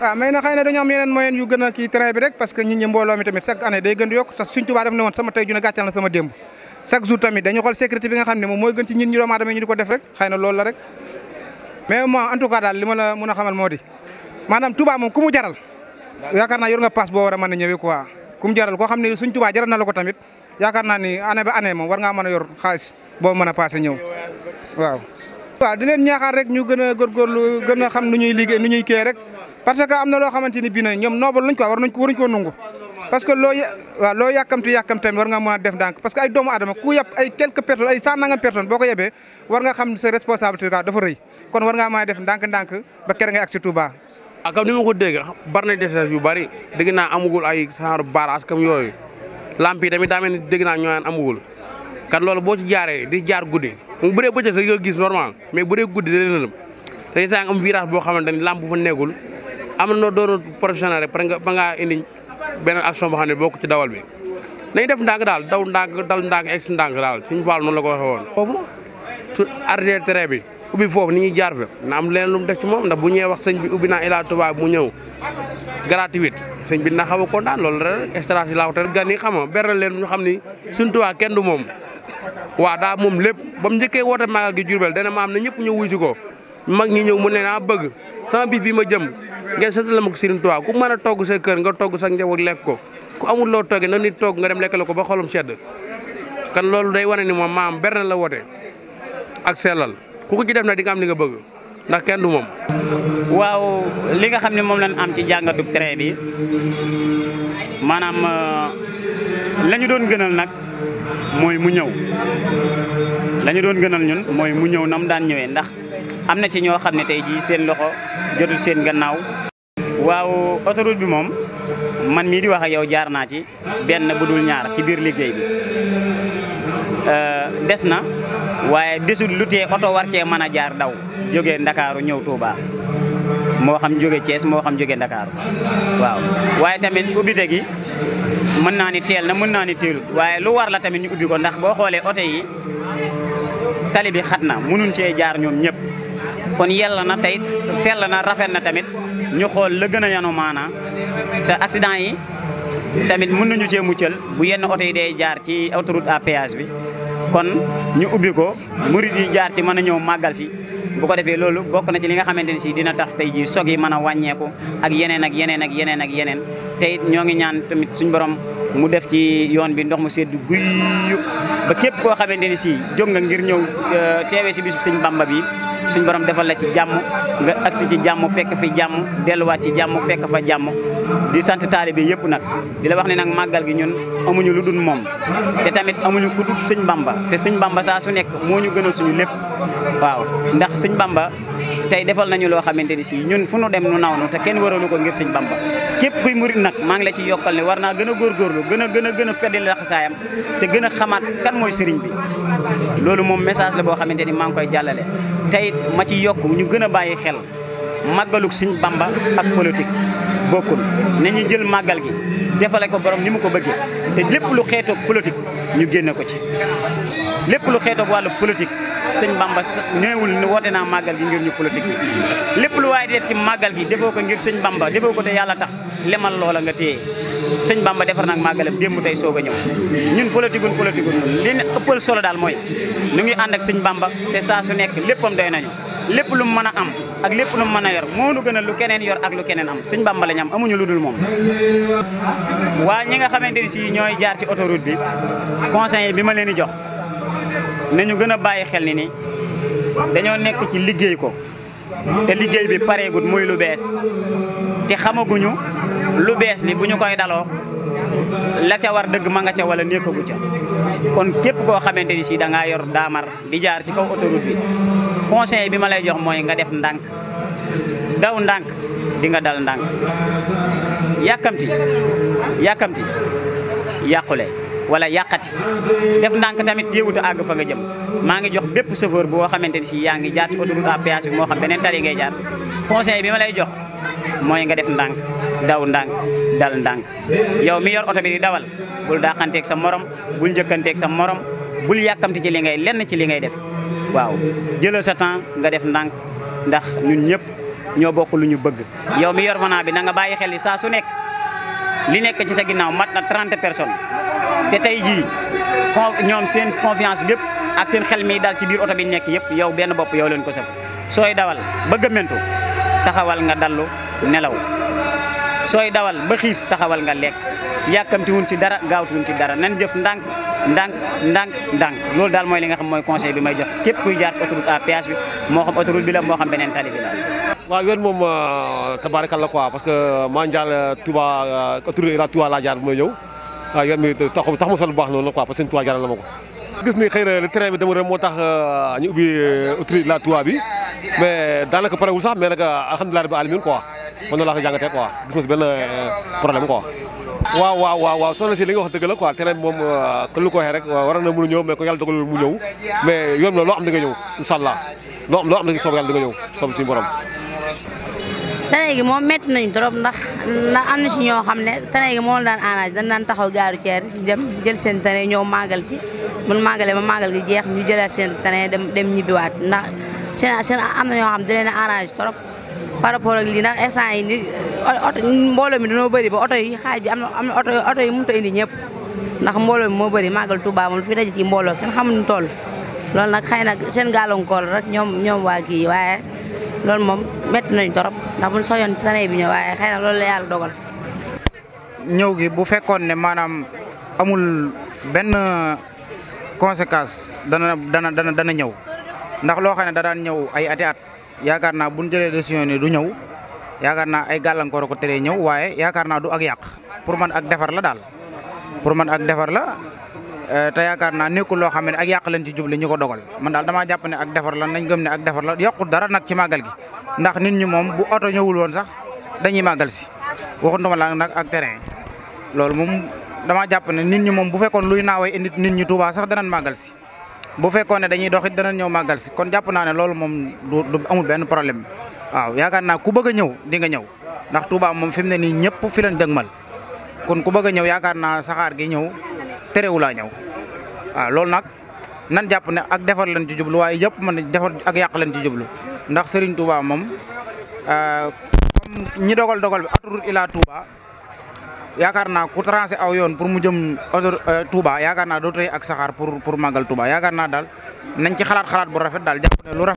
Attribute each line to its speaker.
Speaker 1: waaw ah, mais na xëy na dañoo am yeneen moyen yu gën a kii train bi rek parce que nit ñi mbooloo tamit chaque année day gën di yokk suñ tubaa def ne woon sama tey ju nga xam ne moom mooy gën ci nit ñi doomu aadama ñu ko def rek xëy na loolu rek mais moi en tout cas daal li ma la mën a xamal moo di maanaam tubaa moom ku jaral yaakaar naa yor nga passe boo war a a ñëwee quoi ku mu jaral koo xam ne suñ tubaa jaral na la tamit yaakaar naa ni année ba année moom war ngaa mën a yor xaalis boo a passé ñëw waaw di leen ñaaxaar rek ñu gën a góorgóorlu gën a xam nu ñuy liggéey nu ñuy kii rek parce que am na loo xamante ni bii nag ñoom noobal lañ ko war nañ ko waruñ parce que loo waaw loo yàkkamti yàkkamti war nga mën a def ndànk parce que ay doomu adama ku yàpp ay quelques personnes ay cent nangam personnes boo ko yebee war nga xam sa responsabilité dafa rëy kon war kere ngay
Speaker 2: ah, ko dégg bari na des yu bari dégg naa amugul ay genre barrage comme yooyu lamp yi tamit daa mel ni dégg naa ñoo amugul kan loolu boo ci jaaree di jaar guddi bu dee bëccëg sax nga gis normal mais bu dee guddi day lëndëm te am virage boo xamante ni làmp bu fa nekkul am na noo doon professionnel rek pare nga ba ngaa indi beneen action boo xam ne bokk ci dawal bi. nañ def ndànk daal daw ndànk dal ndànk egg si ndànk daal suñu faal noonu la ko waxee woon. foofu su arrêté train bi ubbi foofu ni ñuy jaar fa na am leneen lu mu def ci moom ndax bu ñëwee wax sëñ bi ubbi naa Ila Touba mu ñëw gratuit sëñ bi na xaw a kontaan loolu rek extra si laa ko te xam nga beral leen ñu xam ni suñu Touba kenn du moom. waa daa moom lépp ba mu e woote magal gi Jurbel dana ma am na ñëpp ñëw wuy ko mag ñi ñëw mu ne naa bëgg sama bis bi ma jëm ngeen seetal ma ko Serigne Touba ku man a togg sa kër nga togg sa njaboot lekk ko ku amul loo toggee na nit togg nga dem lekkale ko ba xolum sedd kan loolu day wane ni moom maam berne la woote ak sellal
Speaker 3: ku ko ci na di nga am li nga bëgg ndax kenn du moom. waaw li nga xam ne moom lañ am ci jàngatu train bi maanaam euh, la ñu doon gënal nag. mooy mu ñëw la doon gënal ñun mooy mu ñëw nam daan ñëwee ndax am na ci ñoo xam ne tey jii seen loxo jotul seen gannaaw. waaw autoroute bi moom man mii di wax ak yow jaar naa ci benn bu dul ñaar ci biir liggéey bi euh, des na waaye desul lu tee oto war cee mën a jaar daw jóge Ndakaaru ñëw Touba moo xam jóge cees moo xam jóge Ndakaaru waaw waaye tamit ubbite gi mën naa ni teel na mën naa ni teelut waaye lu war la tamit ñu ubbi ko ndax boo xoolee oto tali bi xat na mënuñ cee jaar ñoom ñëpp kon yella na tey sell na rafet na tamit ñu xool la gën a yanu maanaa te accident yi tamit mën nañu cee muccal bu yenn oto yi day jaar ci autoroute à péage bi kon ñu ubbi ko mu yi jaar ci mën a ñëw màggal si bu ko defee loolu bokk na ci li nga xamante ne si dina tax tey jii sog yi mën a wàññeeku ak yeneen ak yeneen ak yeneen ak yeneen te ñoo ngi ñaan tamit suñu borom mu def ci yoon bi ndox mu sedd guy ba képp koo xamante ni si jóg nga ngir ñëw euh, teewee si bisub sëñ Bamba bi suñ borom defal la ci jàmm nga agsi ci jàmm fekk fi jàmm delluwaat ci jàmm fekk fa jàmm di sant taalibe yëpp nag di la wax ne nag màggal gi ñun amuñu lu dul moom te tamit amuñu ku dul sëñ Bamba te sëñ Bamba saa su nekk moo ñu gënal suñu lépp waaw ndax sëñ Bamba tey defal nañu loo xamante ni si ñun fu nu dem nu naw nu te kenn waralu ko ngir sëñ Bamba képp kuy murit nag maa ngi la ci yokkal ne war naa gën a góorgóorlu gën a gën a gën a te gën a xamaat kan mooy sëriñ bi loolu moom message la boo xamante ni maa ngi koy jàllale tey ma ci yokk ñu gën a bàyyi xel màggaluk sëñ Bamba ak politique bokkut nañu jël màggal gi defale ko borom ni mu ko bëggee te lépp lu xeetoo politique ñu génne ko ci lépp lu xeetoo wàllu politique sëñ Bamba néewul ne woote naa màggal gi ngir ñu politique lépp lu waaye def ci màggal gi defoo ko ngir sëñ Bamba defoo ko te yàlla tax lemal loola nga téye sëñ Bamba defar nag màggalam démb tey soog a ñëw ñun politique gun politique gun li ëppal solo daal mooy nu ngi ànd ak sëñ Bamba te saa su nekk léppam doy nañu lépp lu mën a am ak lépp lum mën a yor moo nu gënal lu keneen yor ak lu keneen am Sëñ Bàmba am amuñu lu dul moom. waa ñi nga xamante ni si ñooy jaar ci autoroute bi conseil bi ma leen di jox nañu gën a bàyyi xel ni ni dañoo nekk ci liggéey ko te liggéey bi pareegut muy lu bees te xamaguñu lu bees li bu ñu koy daloo. la ca war dëgg ma nga ca wala nekkagu ca kon tépp koo xamante ni si da yor daamar di jaar ci kaw autoroute bi conseil bi ma lay jox mooy nga def ndànk daw ndànk di nga dal ndànk yàkkamti yàkkamti yàqule wala yàqati def ndànk tamit yéewut a àgg fa nga jëm maa ngi jox bépp chauffeur boo xamante ni si yaa ngi jaar ci autoroute à péage bi moo xam beneen tari ngay jaar conseil ma lay jox mooy nga def ndànk daw ndànk dal ndànk yow mi yor oto bi di dawal bul dàqanteeg sa morom bul njëkkanteeg sa morom bul yàkkamti ci li ngay lenn ci li ngay def waaw jëlal sa temps nga def ndànk ndax ñu ñëpp ñoo bokk ñu bëgg yow mi yor vanaa bi na nga bàyyi xel li saa su nekk li nekk ci sa ginnaaw mat na 30 personnes te tey jii ñoom seen confiance bépp ak seen xel mi daal ci biir oto bi nekk yëpp yow benn bopp yow leen ko saf sooy dawal ba nelaw sooy dawal ba xiif taxawal nga lekk yàkkamti wuñ ci dara gaawtu wuñ ci dara nan jëf ndànk ndang ndànk ndànk loolu daal mooy li nga xam mooy conseil bi may jox képp kuy jaar ci autoroute moo xam la moo xam beneen tali bi la
Speaker 2: waaw yoon moom euh, tabaarkalla parce que euh, maa njaal euh, Touba autoroute la Touba laa jaar bu may ñëw tax tax ma sol bu baax noonu quoi parce que Touba jaral na ma ko gis ni xëy na le dama rem moo tax ñu ubbi autoroute la Touba bi mais daanaka parewul sax mais nag alhamdulilah alamin quoi man noonu laa ko jàngatee quoi gis ma si benn waaw waaw waaw waaw soxna si li wax dëgg la ko waxee rek na mën a ñëw ko yàlla dogalul mu ñëw mais yoon na loo am da nga ñëw incha allah loo am loo am da nga soob yàlla da nga ñëw soob suñu borom.
Speaker 3: tane gi moom métti nañu trop ndax ndax am na si ñoo xam ne tane yi moom daan aanaaj dañ daan taxaw gaaru ceer dem jël seen tane ñëw màggal si mun màggale ma màggal gi jeex ñu jëlaat seen tane dem dem ñibbiwaat ndax seen am na ñoo xam ne da leen a par rapport ak lii ndax instant yi nii oto mbooloo mi dañoo bëri ba oto yi xaaj am na am na oto oto yi mënut a indi ñëpp ndax mbooloo moo bëri màggal Touba moom fi daje ci mbooloo kenn xamuñu toll loolu nag xëy na seen gàllankoor rek ñoom ñoom waa kii waaye loolu moom métti nañ torop ndax buñ soyoon ci bi ñëw waaye xëy
Speaker 1: na loolu la yàlla dogal. ñëw gi bu fekkoon ne maanaam amul benn conséquence dana dana dana dana ñëw ndax loo xam ne da daan ñëw ay ati at yaakaar naa bu ñu jëlee décision ni du ñëw yaakaar naa ay gàllankoor ko teree ñëw waaye yaakaar naa du ak yàq pour man ak defar la daal pour man ak defar la euh, te yaakaar naa nekkul loo xam ne ak yàq lañ ci jubli ñu ko dogal man daal damaa jàpp ne ak defar la nañ gëm ne ak defar la yokku dara nag ci màggal gi ndax nit ñi moom bu oto ñëwul woon sax dañuy màggal si waxutuma la nag ak terrain loolu moom dama jàpp ne nit ñi moom bu fekkoon luy naawee indi nit ñi Tuubaa sax danañ màggal si bu fekkoon ne dañuy dox it dana ñëw màggal si kon jàpp naane ne loolu moom du amul benn problème waaw yaakaar naa ku bëgg a ñëw di nga ñëw ndax Touba moom fi mu ne nii ñëpp fi lañ dëgmal kon ku bëgg a ñëw yaakaar naa saxaar gi ñëw terewulaa ñëw waaw loolu nag nan jàpp ne ak defar lañ ci jublu waaye yëpp mën defar ak yàq lañ ci jublu ndax sëriñ Touba moom euh, comme ñi dogal dogal bi autoroute ila Touba yaakaar naa ku tracé aw yoon pour mu jëm euh, Touba yaakaar naa doo ak saxaar pour pour màggal Touba yaakaar naa daal nañ ci xalaat xalaat bu rafet daal jàpp ne lu rafet